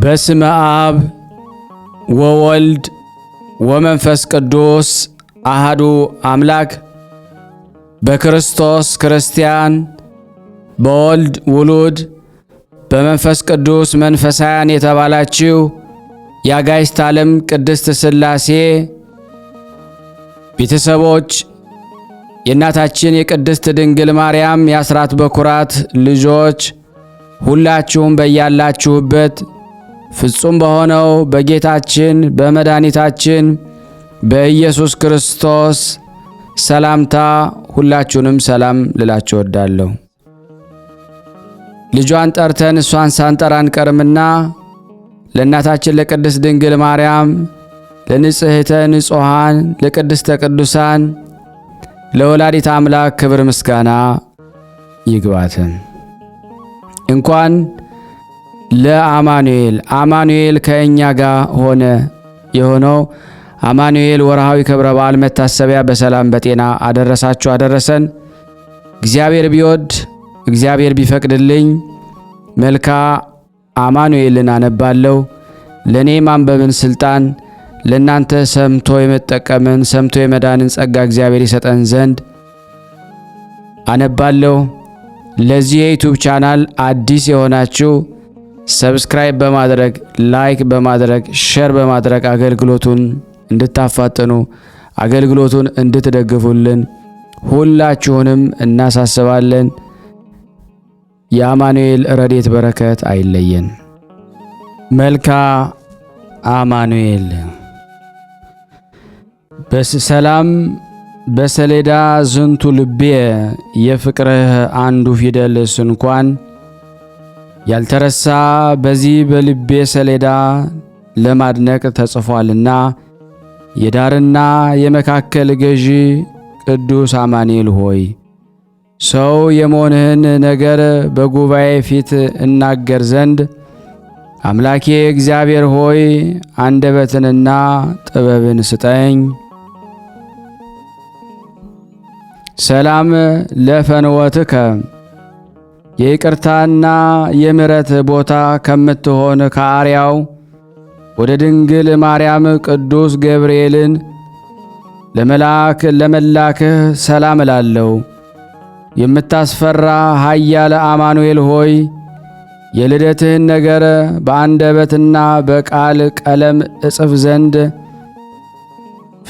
በስመ አብ ወወልድ ወመንፈስ ቅዱስ አሃዱ አምላክ በክርስቶስ ክርስቲያን በወልድ ውሉድ በመንፈስ ቅዱስ መንፈሳያን የተባላችሁ የአጋዕዝተ ዓለም ቅድስት ሥላሴ ቤተሰቦች የእናታችን የቅድስት ድንግል ማርያም የአስራት በኩራት ልጆች ሁላችሁም በያላችሁበት ፍጹም በሆነው በጌታችን በመድኃኒታችን በኢየሱስ ክርስቶስ ሰላምታ ሁላችሁንም ሰላም ልላችሁ እወዳለሁ። ልጇን ጠርተን እሷን ሳንጠራ አንቀርምና ለእናታችን ለቅድስት ድንግል ማርያም ለንጽሕተ ንጹሐን ለቅድስተ ቅዱሳን ለወላዲት አምላክ ክብር ምስጋና ይግባትን እንኳን ለአማኑኤል አማኑኤል ከእኛ ጋር ሆነ የሆነው አማኑኤል ወርሃዊ ክብረ በዓል መታሰቢያ በሰላም በጤና አደረሳችሁ አደረሰን። እግዚአብሔር ቢወድ እግዚአብሔር ቢፈቅድልኝ መልካ አማኑኤልን አነባለሁ። ለእኔ ማንበብን ስልጣን ለእናንተ ሰምቶ የመጠቀምን ሰምቶ የመዳንን ጸጋ እግዚአብሔር ይሰጠን ዘንድ አነባለሁ። ለዚህ የዩቱብ ቻናል አዲስ የሆናችሁ ሰብስክራይብ በማድረግ ላይክ በማድረግ ሸር በማድረግ አገልግሎቱን እንድታፋጥኑ አገልግሎቱን እንድትደግፉልን ሁላችሁንም እናሳስባለን። የአማኑኤል ረድኤት በረከት አይለየን። መልካ አማኑኤል በሰላም በሰሌዳ ዝንቱ ልቤ የፍቅርህ አንዱ ፊደል ስንኳን ያልተረሳ በዚህ በልቤ ሰሌዳ ለማድነቅ ተጽፏልና የዳርና የመካከል ገዢ ቅዱስ አማኑኤል ሆይ ሰው የመሆንህን ነገር በጉባኤ ፊት እናገር ዘንድ አምላኬ እግዚአብሔር ሆይ አንደበትንና ጥበብን ስጠኝ። ሰላም ለፈንወትከ የይቅርታና የምረት ቦታ ከምትሆን ከአርያው ወደ ድንግል ማርያም ቅዱስ ገብርኤልን ለመላክ ለመላክህ ሰላም እላለሁ። የምታስፈራ ኃያለ አማኑኤል ሆይ የልደትህን ነገር በአንደበትና በቃል ቀለም እጽፍ ዘንድ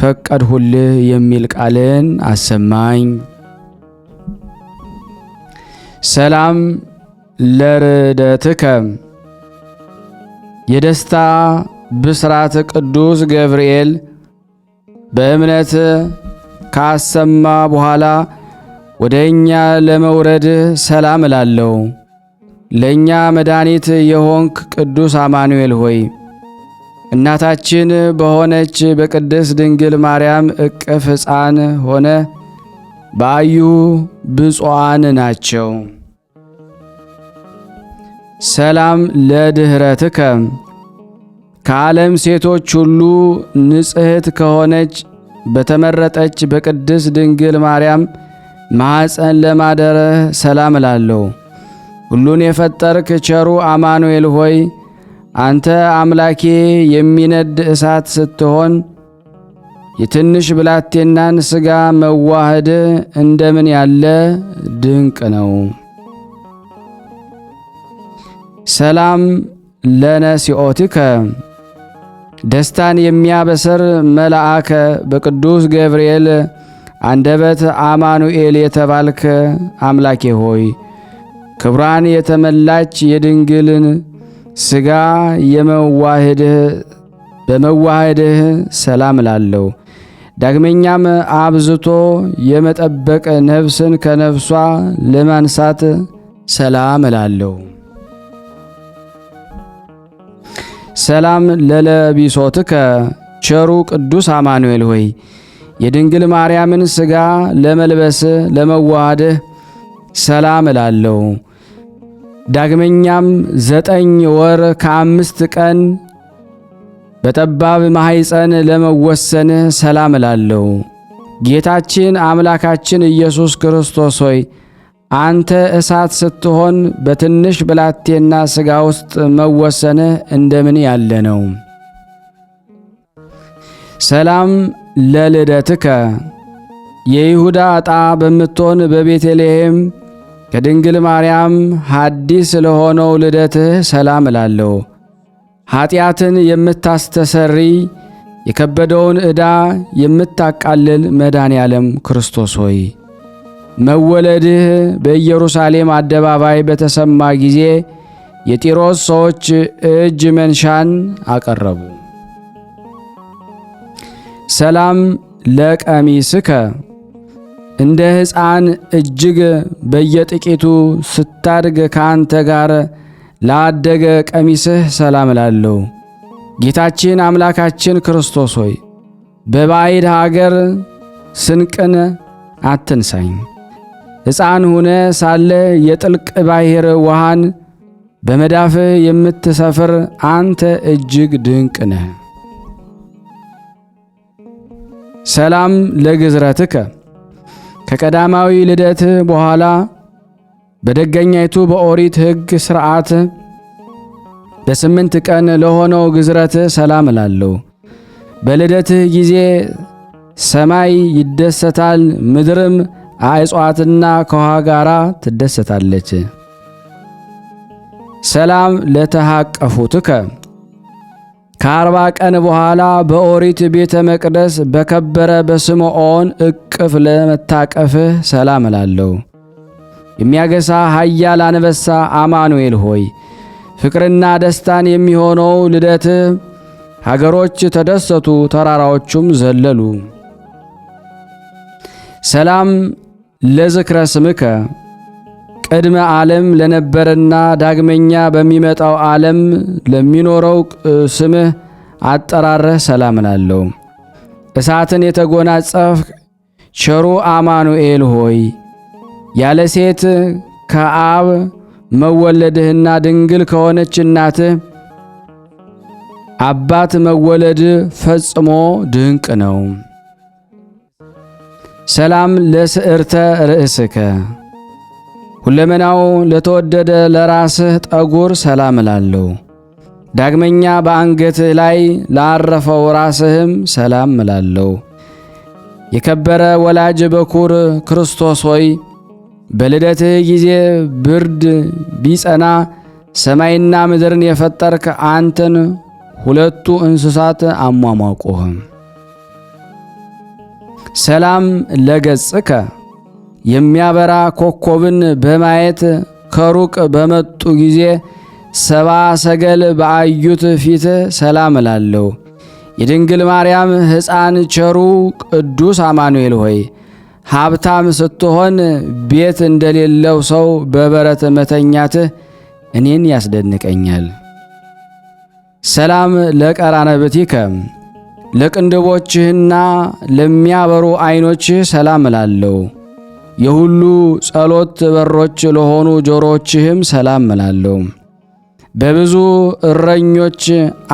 ፈቀድሁልህ የሚል ቃልን አሰማኝ። ሰላም ለርደትከ የደስታ ብስራት ቅዱስ ገብርኤል በእምነት ካሰማ በኋላ ወደ እኛ ለመውረድ ሰላም እላለሁ። ለእኛ መድኃኒት የሆንክ ቅዱስ አማኑኤል ሆይ እናታችን በሆነች በቅድስ ድንግል ማርያም እቅፍ ሕፃን ሆነ ባዩ ብፁዓን ናቸው። ሰላም ለድኅረትከ ከዓለም ሴቶች ሁሉ ንጽሕት ከሆነች በተመረጠች በቅድስት ድንግል ማርያም ማኅፀን ለማደረ ሰላም እላለሁ። ሁሉን የፈጠርክ ቸሩ አማኑኤል ሆይ አንተ አምላኬ የሚነድ እሳት ስትሆን የትንሽ ብላቴናን ሥጋ መዋህድ እንደምን ያለ ድንቅ ነው። ሰላም ለነሲኦቲከ ደስታን የሚያበሰር መልአከ በቅዱስ ገብርኤል አንደበት አማኑኤል የተባልከ አምላኬ ሆይ ክብራን የተመላች የድንግልን ሥጋ የመዋህድህ በመዋህድህ ሰላም ላለው ዳግመኛም አብዝቶ የመጠበቅ ነፍስን ከነፍሷ ለማንሳት ሰላም እላለሁ። ሰላም ለለቢሶትከ ቸሩ ቅዱስ አማኑኤል ሆይ የድንግል ማርያምን ሥጋ ለመልበስ ለመዋሃድህ ሰላም እላለሁ። ዳግመኛም ዘጠኝ ወር ከአምስት ቀን በጠባብ ማኅፀን ለመወሰንህ ሰላም እላለሁ። ጌታችን አምላካችን ኢየሱስ ክርስቶስ ሆይ አንተ እሳት ስትሆን በትንሽ ብላቴና ሥጋ ውስጥ መወሰንህ እንደምን ያለ ነው! ሰላም ለልደትከ የይሁዳ ዕጣ በምትሆን በቤተልሔም ከድንግል ማርያም ሐዲስ ለሆነው ልደትህ ሰላም እላለሁ። ኀጢአትን የምታስተሰሪ የከበደውን ዕዳ የምታቃልል መድኃኔ ዓለም ክርስቶስ ሆይ መወለድህ በኢየሩሳሌም አደባባይ በተሰማ ጊዜ የጢሮስ ሰዎች እጅ መንሻን አቀረቡ። ሰላም ለቀሚስከ እንደ ሕፃን እጅግ በየጥቂቱ ስታድግ ከአንተ ጋር ላደገ ቀሚስህ ሰላም እላለሁ። ጌታችን አምላካችን ክርስቶስ ሆይ በባዕድ ሀገር ስንቅን አትንሳኝ። ሕፃን ሆነ ሳለ የጥልቅ ባሕር ውሃን በመዳፍህ የምትሰፍር አንተ እጅግ ድንቅ ነህ። ሰላም ለግዝረትከ ከቀዳማዊ ልደት በኋላ በደገኛይቱ በኦሪት ሕግ ሥርዓት በስምንት ቀን ለሆነው ግዝረት ሰላም እላለሁ። በልደትህ ጊዜ ሰማይ ይደሰታል፣ ምድርም አእጽዋትና ከውሃ ጋራ ትደሰታለች። ሰላም ለተሃቀፉትከ ከአርባ ቀን በኋላ በኦሪት ቤተ መቅደስ በከበረ በስምዖን እቅፍ ለመታቀፍህ ሰላም እላለሁ። የሚያገሳ ኃያል አንበሳ አማኑኤል ሆይ ፍቅርና ደስታን የሚሆነው ልደት ሀገሮች ተደሰቱ፣ ተራራዎቹም ዘለሉ። ሰላም ለዝክረ ስምከ ቅድመ ዓለም ለነበረና ዳግመኛ በሚመጣው ዓለም ለሚኖረው ስምህ አጠራረህ ሰላም ላለው እሳትን የተጎናጸፍ ቸሩ አማኑኤል ሆይ ያለ ሴት ከአብ መወለድህና ድንግል ከሆነች እናትህ አባት መወለድ ፈጽሞ ድንቅ ነው። ሰላም ለስዕርተ ርእስከ ሁለመናው ለተወደደ ለራስህ ጠጉር ሰላም እላለሁ። ዳግመኛ በአንገትህ ላይ ላረፈው ራስህም ሰላም እላለሁ። የከበረ ወላጅ በኩር ክርስቶስ ሆይ በልደትህ ጊዜ ብርድ ቢጸና ሰማይና ምድርን የፈጠርክ አንተን ሁለቱ እንስሳት አሟሟቁህ። ሰላም ለገጽከ የሚያበራ ኮከብን በማየት ከሩቅ በመጡ ጊዜ ሰባ ሰገል በአዩት ፊት ሰላም እላለሁ። የድንግል ማርያም ሕፃን ቸሩ ቅዱስ አማኑኤል ሆይ ሀብታም ስትሆን ቤት እንደሌለው ሰው በበረት መተኛትህ እኔን ያስደንቀኛል። ሰላም ለቀራነብቲከ ለቅንድቦችህና ለሚያበሩ ዐይኖችህ ሰላም እላለሁ። የሁሉ ጸሎት በሮች ለሆኑ ጆሮችህም ሰላም እላለሁ። በብዙ እረኞች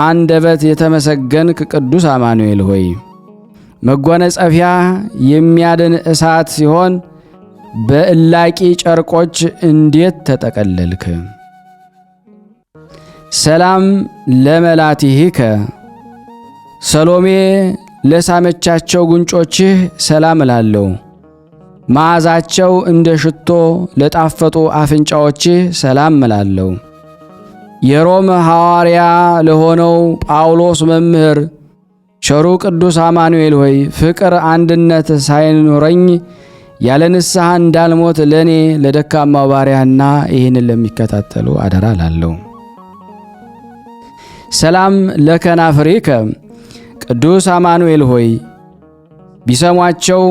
አንደበት የተመሰገንክ ቅዱስ አማኑኤል ሆይ መጎናጸፊያ የሚያድን እሳት ሲሆን በእላቂ ጨርቆች እንዴት ተጠቀለልክ? ሰላም ለመላቲሂከ ሰሎሜ ለሳመቻቸው ጉንጮችህ ሰላም እላለሁ። መዓዛቸው እንደ ሽቶ ለጣፈጡ አፍንጫዎችህ ሰላም እላለሁ። የሮም ሐዋርያ ለሆነው ጳውሎስ መምህር ቸሩ ቅዱስ አማኑኤል ሆይ ፍቅር አንድነት ሳይኖረኝ ያለ ንስሐ እንዳልሞት ለእኔ ለደካማው ባሪያና ይህንን ለሚከታተሉ አደራ ላለሁ። ሰላም ለከናፍሪከ ቅዱስ አማኑኤል ሆይ ቢሰሟቸው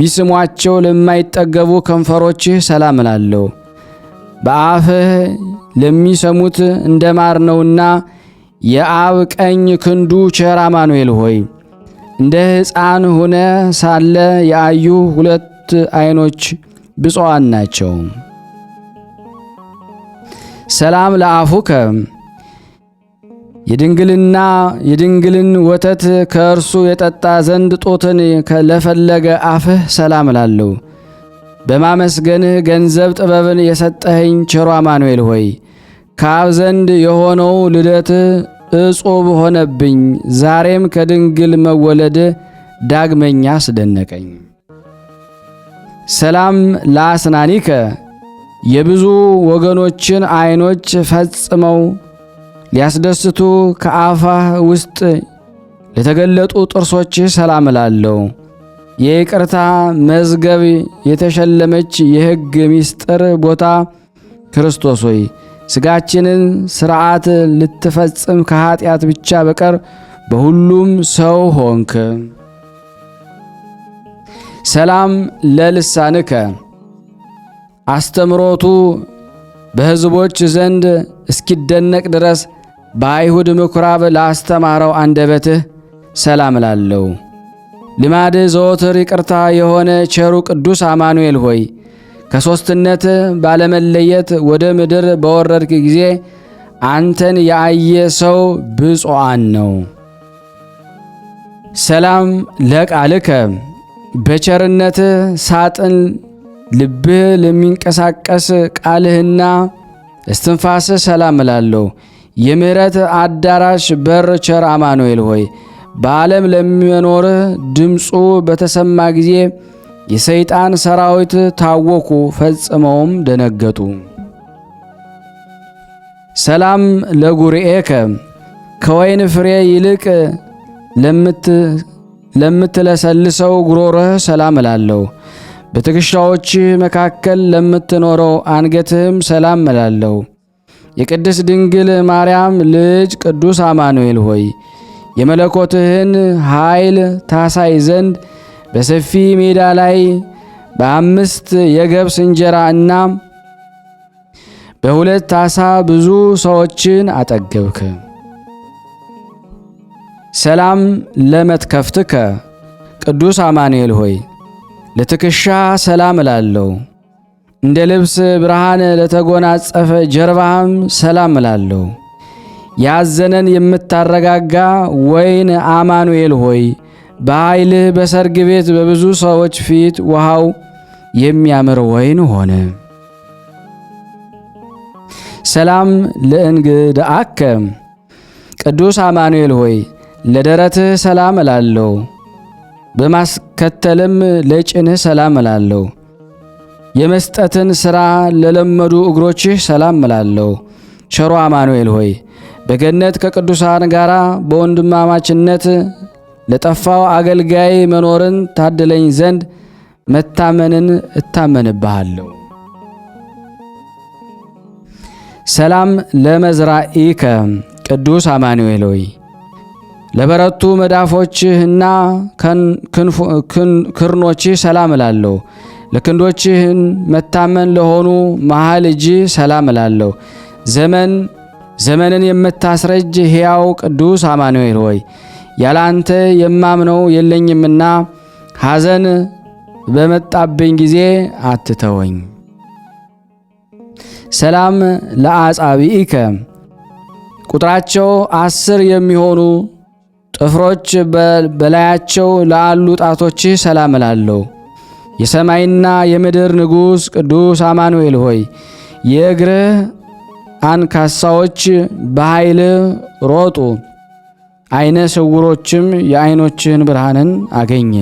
ቢስሟቸው ለማይጠገቡ ከንፈሮችህ ሰላም እላለሁ። በአፍህ ለሚሰሙት እንደ ማር ነውና የአብ ቀኝ ክንዱ ቸር አማኑኤል ሆይ እንደ ሕፃን ሆነ ሳለ የአዩ ሁለት ዐይኖች ብፁዓን ናቸው። ሰላም ለአፉከ የድንግልና የድንግልን ወተት ከእርሱ የጠጣ ዘንድ ጦትን ለፈለገ አፍህ ሰላም እላለሁ። በማመስገንህ ገንዘብ ጥበብን የሰጠኸኝ ቸሮ አማኑኤል ሆይ ከአብ ዘንድ የሆነው ልደት እጹብ ሆነብኝ። ዛሬም ከድንግል መወለድ ዳግመኛ አስደነቀኝ። ሰላም ለአስናኒከ የብዙ ወገኖችን ዐይኖች ፈጽመው ሊያስደስቱ ከአፋህ ውስጥ ለተገለጡ ጥርሶች ሰላም እላለሁ። የይቅርታ መዝገብ የተሸለመች የሕግ ምስጢር ቦታ ክርስቶስ ሆይ ሥጋችንን ሥርዓት ልትፈጽም ከኀጢአት ብቻ በቀር በሁሉም ሰው ሆንክ። ሰላም ለልሳንከ አስተምሮቱ በሕዝቦች ዘንድ እስኪደነቅ ድረስ በአይሁድ ምኵራብ ላስተማረው አንደበትህ ሰላም እላለሁ። ልማድህ ዘወትር ይቅርታ የሆነ ቸሩ ቅዱስ አማኑኤል ሆይ ከሦስትነት ባለመለየት ወደ ምድር በወረድክ ጊዜ አንተን ያየ ሰው ብፁዓን ነው። ሰላም ለቃልከ በቸርነት ሳጥን ልብህ ለሚንቀሳቀስ ቃልህና እስትንፋስ ሰላም እላለሁ። የምሕረት አዳራሽ በር ቸር አማኑኤል ሆይ በዓለም ለሚኖርህ ድምፁ በተሰማ ጊዜ የሰይጣን ሰራዊት ታወኩ፣ ፈጽመውም ደነገጡ። ሰላም ለጉርኤከ ከወይን ፍሬ ይልቅ ለምትለሰልሰው ጉሮሮህ ሰላም እላለሁ። በትከሻዎችህ መካከል ለምትኖረው አንገትህም ሰላም እላለሁ። የቅድስት ድንግል ማርያም ልጅ ቅዱስ አማኑኤል ሆይ የመለኮትህን ኃይል ታሳይ ዘንድ በሰፊ ሜዳ ላይ በአምስት የገብስ እንጀራ እና በሁለት ዓሣ ብዙ ሰዎችን አጠገብክ። ሰላም ለመትከፍትከ ቅዱስ አማኑኤል ሆይ ለትከሻ ሰላም እላለሁ። እንደ ልብስ ብርሃን ለተጎናጸፈ ጀርባህም ሰላም እላለሁ። ያዘነን የምታረጋጋ ወይን አማኑኤል ሆይ በኃይልህ በሰርግ ቤት በብዙ ሰዎች ፊት ውሃው የሚያምር ወይን ሆነ። ሰላም ለእንግድአከ ቅዱስ አማኑኤል ሆይ ለደረትህ ሰላም እላለሁ፣ በማስከተልም ለጭንህ ሰላም እላለሁ። የመስጠትን ሥራ ለለመዱ እግሮችህ ሰላም እላለሁ። ቸሮ አማኑኤል ሆይ በገነት ከቅዱሳን ጋር በወንድማማችነት ለጠፋው አገልጋይ መኖርን ታድለኝ ዘንድ መታመንን እታመንብሃለሁ። ሰላም ለመዝራኢከ ቅዱስ አማኑኤል ሆይ ለበረቱ መዳፎችህና ክርኖችህ ሰላም እላለሁ። ለክንዶችህን መታመን ለሆኑ መሃል እጅ ሰላም እላለሁ። ዘመን ዘመንን የምታስረጅ ሕያው ቅዱስ አማኑኤል ሆይ ያለ አንተ የማምነው የለኝምና ሐዘን በመጣብኝ ጊዜ አትተወኝ። ሰላም ለአጻብኢከ ቁጥራቸው አስር የሚሆኑ ጥፍሮች በላያቸው ላሉ ጣቶችህ ሰላም እላለሁ። የሰማይና የምድር ንጉሥ ቅዱስ አማኑኤል ሆይ የእግርህ አንካሳዎች በኃይልህ ሮጡ። አይነ ስውሮችም የአይኖችህን ብርሃንን አገኘ።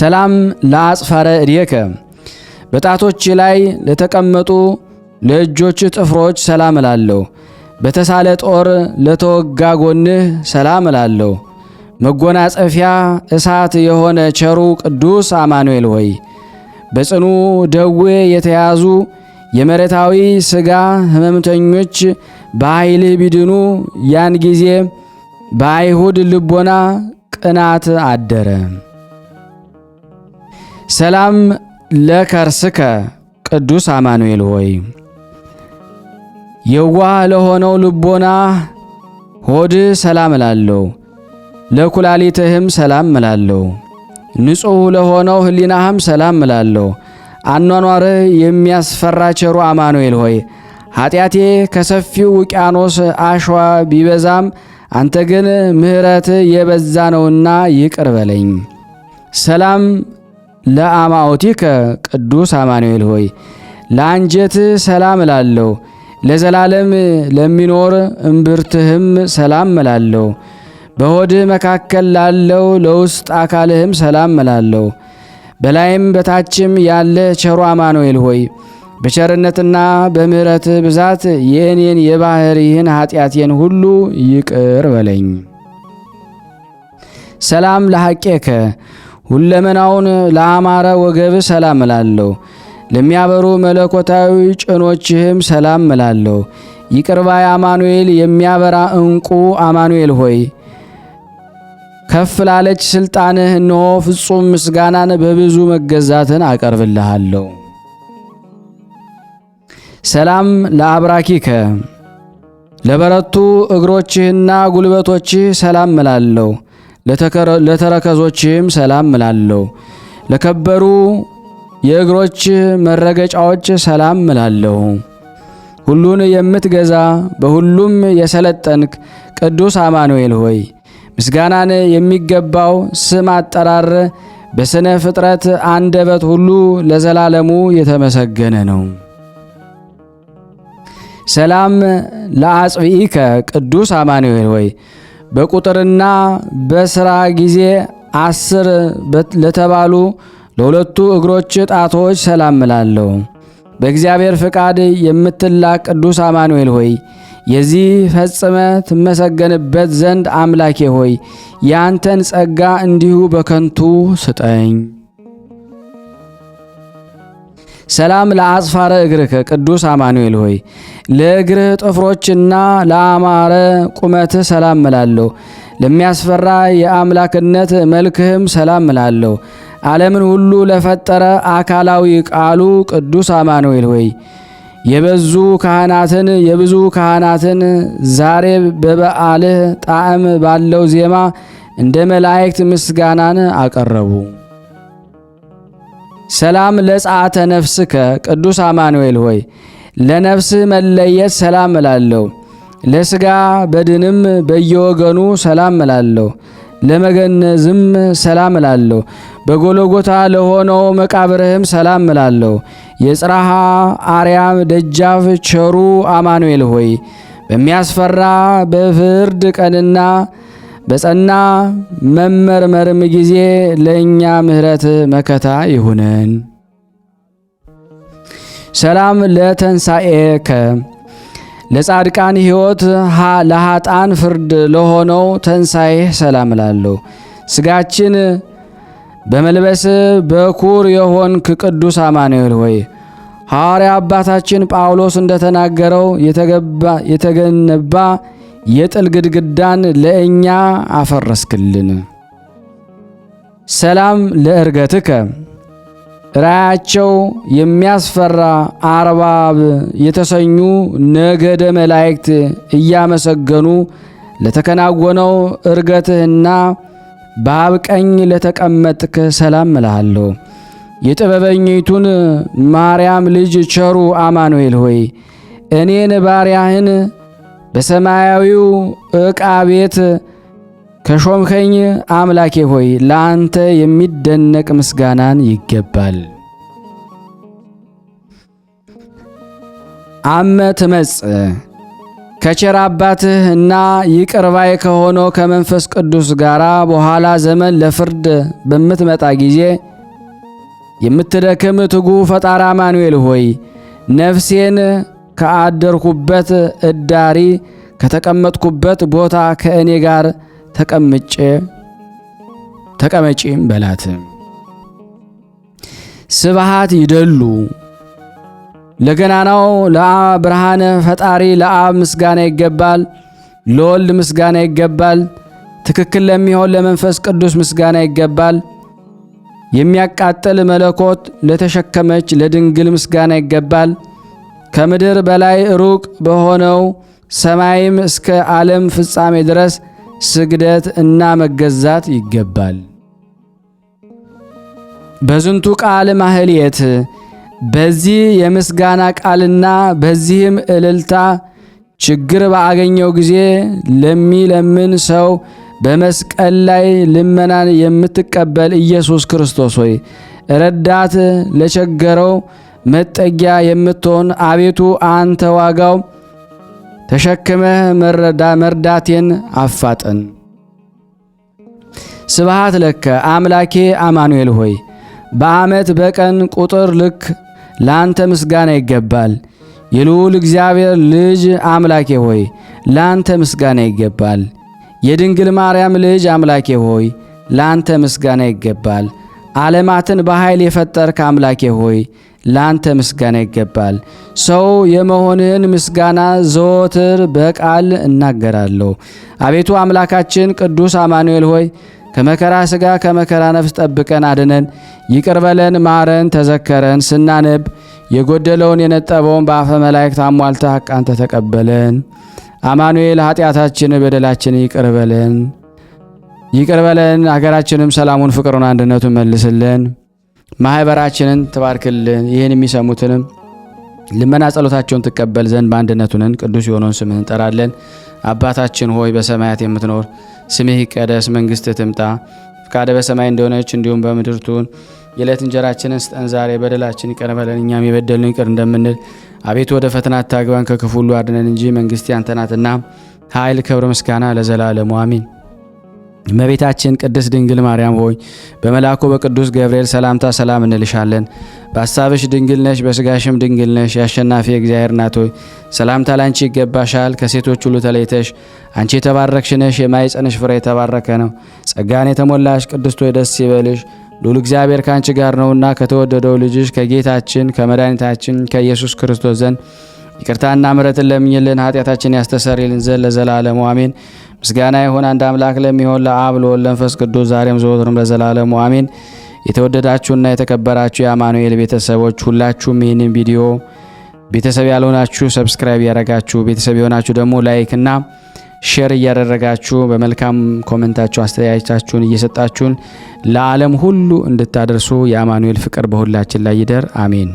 ሰላም ለአጽፈረ እድየከ በጣቶች ላይ ለተቀመጡ ለእጆች ጥፍሮች ሰላም እላለሁ። በተሳለ ጦር ለተወጋ ጎንህ ሰላም እላለሁ። መጎናጸፊያ እሳት የሆነ ቸሩ ቅዱስ አማኑኤል ሆይ በጽኑ ደዌ የተያዙ የመሬታዊ ሥጋ ሕመምተኞች በኃይልህ ቢድኑ ያን ጊዜ በአይሁድ ልቦና ቅናት አደረ። ሰላም ለከርስከ ቅዱስ አማኑኤል ሆይ የዋህ ለሆነው ልቦና ሆድ ሰላም እላለሁ፣ ለኩላሊትህም ሰላም እላለሁ። ንጹሕ ለሆነው ህሊናህም ሰላም እላለሁ። አኗኗርህ የሚያስፈራ ቸሩ አማኑኤል ሆይ ኃጢአቴ ከሰፊው ውቅያኖስ አሸዋ ቢበዛም አንተ ግን ምሕረት የበዛ ነውና ይቅር በለኝ። ሰላም ለአማኦቲከ ቅዱስ አማኑኤል ሆይ ለአንጀት ሰላም እላለሁ፣ ለዘላለም ለሚኖር እምብርትህም ሰላም እላለሁ። በሆድህ መካከል ላለው ለውስጥ አካልህም ሰላም እላለሁ። በላይም በታችም ያለ ቸሩ አማኑኤል ሆይ በቸርነትና በምሕረት ብዛት የእኔን ይህን ኃጢአቴን ሁሉ ይቅር በለኝ። ሰላም ለሐቄከ ሁለመናውን ለአማረ ወገብ ሰላም እላለሁ። ለሚያበሩ መለኮታዊ ጭኖችህም ሰላም እላለሁ። ይቅርባይ አማኑኤል የሚያበራ እንቁ አማኑኤል ሆይ ከፍ ላለች ሥልጣንህ እነሆ ፍጹም ምስጋናን በብዙ መገዛትን አቀርብልሃለሁ። ሰላም ለአብራኪከ ለበረቱ እግሮችህና ጉልበቶችህ ሰላም እላለሁ። ለተረከዞችህም ሰላም እላለሁ። ለከበሩ የእግሮችህ መረገጫዎች ሰላም እላለሁ። ሁሉን የምትገዛ በሁሉም የሰለጠንክ ቅዱስ አማኑኤል ሆይ ምስጋናን የሚገባው ስም አጠራር በሥነ ፍጥረት አንደበት ሁሉ ለዘላለሙ የተመሰገነ ነው። ሰላም ለአጽብኢከ ቅዱስ አማኑኤል ሆይ በቁጥርና በስራ ጊዜ አስር ለተባሉ ለሁለቱ እግሮች ጣቶች ሰላም እላለሁ። በእግዚአብሔር ፍቃድ የምትላክ ቅዱስ አማኑኤል ሆይ የዚህ ፈጽመ ትመሰገንበት ዘንድ አምላኬ ሆይ ያንተን ጸጋ እንዲሁ በከንቱ ስጠኝ። ሰላም ለአጽፋረ እግርከ ቅዱስ አማኑኤል ሆይ ለእግርህ ጥፍሮችና ለአማረ ቁመትህ ሰላም እላለሁ። ለሚያስፈራ የአምላክነት መልክህም ሰላም እላለሁ። ዓለምን ሁሉ ለፈጠረ አካላዊ ቃሉ ቅዱስ አማኑኤል ሆይ የበዙ ካህናትን የብዙ ካህናትን ዛሬ በበዓልህ ጣዕም ባለው ዜማ እንደ መላእክት ምስጋናን አቀረቡ። ሰላም ለጸአተ ነፍስከ ቅዱስ አማኑኤል ሆይ ለነፍስ መለየት ሰላም እላለሁ። ለስጋ በድንም በየወገኑ ሰላም እላለሁ። ለመገነዝም ሰላም እላለሁ። በጎሎጎታ ለሆነው መቃብርህም ሰላም እላለሁ። የጽርሐ አርያም ደጃፍ ቸሩ አማኑኤል ሆይ በሚያስፈራ በፍርድ ቀንና በጸና መመርመርም ጊዜ ለእኛ ምሕረት መከታ ይሁንን ሰላም ለተንሣኤከ ለጻድቃን ሕይወት ለኃጣን ፍርድ ለሆነው ተንሣኤ ሰላም እላለሁ። ሥጋችን በመልበስ በኩር የሆንክ ቅዱስ አማኑኤል ሆይ ሐዋርያ አባታችን ጳውሎስ እንደተናገረው የተገነባ የጥል ግድግዳን ለእኛ አፈረስክልን። ሰላም ለእርገትከ ራያቸው የሚያስፈራ አርባብ የተሰኙ ነገደ መላእክት እያመሰገኑ ለተከናወነው እርገትህና በአብ ቀኝ ለተቀመጥክ ሰላም እልሃለሁ። የጥበበኝቱን ማርያም ልጅ ቸሩ አማኑኤል ሆይ እኔን ባሪያህን በሰማያዊው ዕቃ ቤት ከሾምከኝ አምላኬ ሆይ ለአንተ የሚደነቅ ምስጋናን ይገባል። አመ ትመጽ ከቸር አባትህ እና ይቅርባይ ከሆነው ከመንፈስ ቅዱስ ጋር በኋላ ዘመን ለፍርድ በምትመጣ ጊዜ የምትደክም ትጉ ፈጣራ አማኑኤል ሆይ ነፍሴን ከአደርኩበት እዳሪ ከተቀመጥኩበት ቦታ ከእኔ ጋር ተቀምጭ ተቀመጪም በላት። ስብሃት ይደሉ ለገናናው ለብርሃነ ፈጣሪ ለአብ ምስጋና ይገባል፣ ለወልድ ምስጋና ይገባል፣ ትክክል ለሚሆን ለመንፈስ ቅዱስ ምስጋና ይገባል። የሚያቃጥል መለኮት ለተሸከመች ለድንግል ምስጋና ይገባል። ከምድር በላይ ሩቅ በሆነው ሰማይም እስከ ዓለም ፍጻሜ ድረስ ስግደት እና መገዛት ይገባል። በዝንቱ ቃል ማህልየት በዚህ የምስጋና ቃልና በዚህም እልልታ ችግር ባገኘው ጊዜ ለሚለምን ሰው በመስቀል ላይ ልመናን የምትቀበል ኢየሱስ ክርስቶስ ሆይ ረዳት ለቸገረው መጠጊያ የምትሆን አቤቱ አንተ ዋጋው ተሸክመህ መርዳቴን አፋጥን። ስብሃት ለከ አምላኬ አማኑኤል ሆይ በዓመት በቀን ቁጥር ልክ ላንተ ምስጋና ይገባል። የልዑል እግዚአብሔር ልጅ አምላኬ ሆይ ላንተ ምስጋና ይገባል። የድንግል ማርያም ልጅ አምላኬ ሆይ ላንተ ምስጋና ይገባል። ዓለማትን በኃይል የፈጠርክ አምላኬ ሆይ ለአንተ ምስጋና ይገባል። ሰው የመሆንህን ምስጋና ዘወትር በቃል እናገራለሁ። አቤቱ አምላካችን ቅዱስ አማኑኤል ሆይ ከመከራ ሥጋ ከመከራ ነፍስ ጠብቀን አድነን፣ ይቅርበለን ማረን። ተዘከረን ስናነብ የጎደለውን የነጠበውን በአፈ መላእክት አሟልተ አቃንተ ተቀበለን። አማኑኤል ኃጢአታችን በደላችን ይቅርበለን ይቅርበለን አገራችንም ሰላሙን፣ ፍቅሩን፣ አንድነቱን መልስልን። ማህበራችንን ትባርክልን። ይህን የሚሰሙትንም ልመና ጸሎታቸውን ትቀበል ዘንድ በአንድነቱንን ቅዱስ የሆነውን ስምህን እንጠራለን። አባታችን ሆይ በሰማያት የምትኖር ስምህ ይቀደስ፣ መንግስት ትምጣ፣ ፍቃደ በሰማይ እንደሆነች እንዲሁም በምድር ትሁን። የዕለት እንጀራችንን ስጠን ዛሬ፣ በደላችን ይቅር በለን እኛም የበደልን ይቅር እንደምንል፣ አቤቱ ወደ ፈተና አታግባን፣ ከክፉ ሁሉ አድነን እንጂ መንግስት ያንተ ናትና፣ ኃይል፣ ክብር፣ ምስጋና ለዘላለሙ አሚን። እመቤታችን ቅድስት ድንግል ማርያም ሆይ በመልአኩ በቅዱስ ገብርኤል ሰላምታ ሰላም እንልሻለን። በሐሳብሽ ድንግል ነሽ፣ በሥጋሽም ድንግል ነሽ። የአሸናፊ እግዚአብሔር ናት ሆይ ሰላምታ ላንቺ ይገባሻል። ከሴቶች ሁሉ ተለይተሽ አንቺ የተባረክሽ ነሽ፣ የማኅፀንሽ ፍሬ የተባረከ ነው። ጸጋን የተሞላሽ ቅድስት ሆይ ደስ ይበልሽ፣ ልዑል እግዚአብሔር ከአንቺ ጋር ነውና ከተወደደው ልጅሽ ከጌታችን ከመድኃኒታችን ከኢየሱስ ክርስቶስ ዘንድ ይቅርታና ምሕረትን ለምኝልን ኃጢአታችን ያስተሰርይልን ዘንድ ለዘላለሙ አሜን። ምስጋና ይሁን አንድ አምላክ ለሚሆን ለአብ ለወልድ ለመንፈስ ቅዱስ ዛሬም ዘወትርም ለዘላለሙ አሜን። የተወደዳችሁና የተከበራችሁ የአማኑኤል ቤተሰቦች ሁላችሁም ይህንን ቪዲዮ ቤተሰብ ያልሆናችሁ ሰብስክራይብ እያደረጋችሁ ቤተሰብ የሆናችሁ ደግሞ ላይክና ሼር እያደረጋችሁ በመልካም ኮመንታችሁ አስተያየታችሁን እየሰጣችሁን ለዓለም ሁሉ እንድታደርሱ የአማኑኤል ፍቅር በሁላችን ላይ ይደር፣ አሜን።